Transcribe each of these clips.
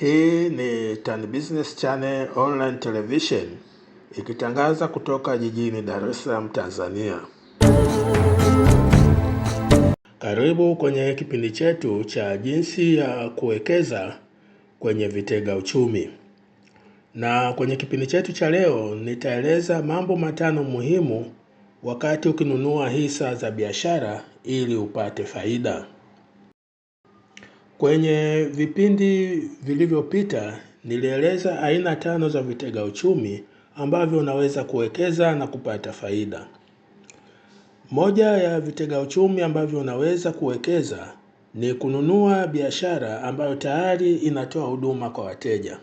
Hii ni Tan Business Channel Online Television ikitangaza kutoka jijini Dar es Salaam, Tanzania. Karibu kwenye kipindi chetu cha jinsi ya kuwekeza kwenye vitega uchumi. Na kwenye kipindi chetu cha leo nitaeleza mambo matano muhimu wakati ukinunua hisa za biashara ili upate faida. Kwenye vipindi vilivyopita nilieleza aina tano za vitega uchumi ambavyo unaweza kuwekeza na kupata faida. Moja ya vitega uchumi ambavyo unaweza kuwekeza ni kununua biashara ambayo tayari inatoa huduma kwa wateja.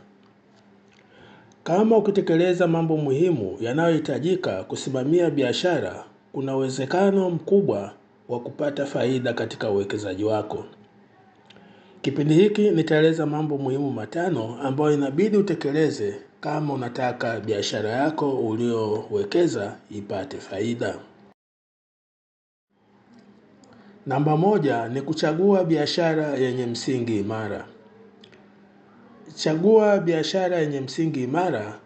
Kama ukitekeleza mambo muhimu yanayohitajika kusimamia biashara, kuna uwezekano mkubwa wa kupata faida katika uwekezaji wako. Kipindi hiki nitaeleza mambo muhimu matano ambayo inabidi utekeleze kama unataka biashara yako uliowekeza ipate faida. Namba moja ni kuchagua biashara yenye msingi imara. Chagua biashara yenye msingi imara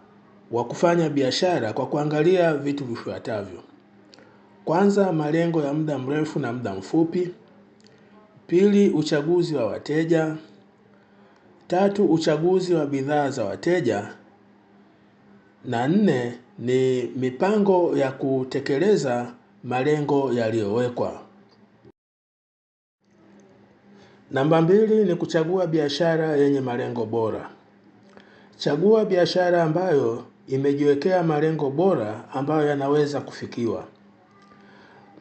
wa kufanya biashara kwa kuangalia vitu vifuatavyo. Kwanza, malengo ya muda mrefu na muda mfupi. Pili, uchaguzi wa wateja. Tatu, uchaguzi wa bidhaa za wateja. Na nne ni mipango ya kutekeleza malengo yaliyowekwa. Namba mbili ni kuchagua biashara yenye malengo bora. Chagua biashara ambayo imejiwekea malengo bora ambayo yanaweza kufikiwa.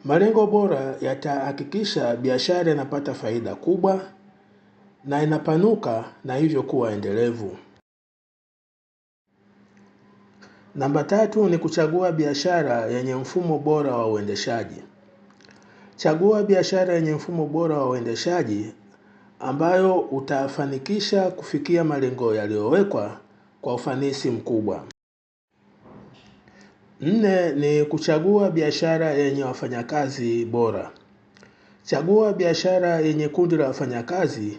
Malengo bora yatahakikisha biashara inapata faida kubwa na inapanuka na hivyo kuwa endelevu. Namba tatu ni kuchagua biashara yenye mfumo bora wa uendeshaji. Chagua biashara yenye mfumo bora wa uendeshaji ambayo utafanikisha kufikia malengo yaliyowekwa kwa ufanisi mkubwa. Nne ni kuchagua biashara yenye wafanyakazi bora. Chagua biashara yenye kundi la wafanyakazi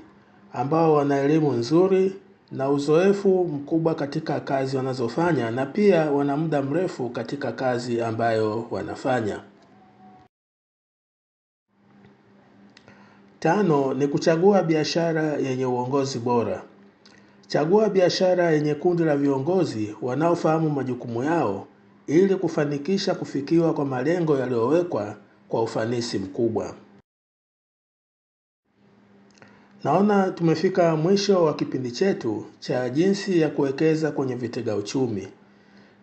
ambao wana elimu nzuri na uzoefu mkubwa katika kazi wanazofanya na pia wana muda mrefu katika kazi ambayo wanafanya. Tano ni kuchagua biashara yenye uongozi bora. Chagua biashara yenye kundi la viongozi wanaofahamu majukumu yao ili kufanikisha kufikiwa kwa malengo yaliyowekwa kwa ufanisi mkubwa. Naona tumefika mwisho wa kipindi chetu cha jinsi ya kuwekeza kwenye vitega uchumi.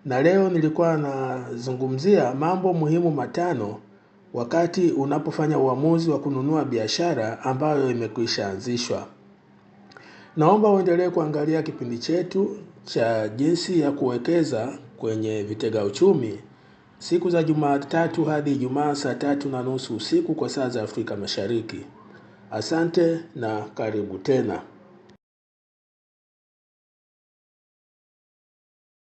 Na leo nilikuwa nazungumzia mambo muhimu matano wakati unapofanya uamuzi wa kununua biashara ambayo imekwisha anzishwa. Naomba uendelee kuangalia kipindi chetu cha jinsi ya kuwekeza kwenye vitega uchumi siku za Jumatatu hadi Ijumaa saa tatu na nusu usiku kwa saa za Afrika Mashariki. Asante na karibu tena.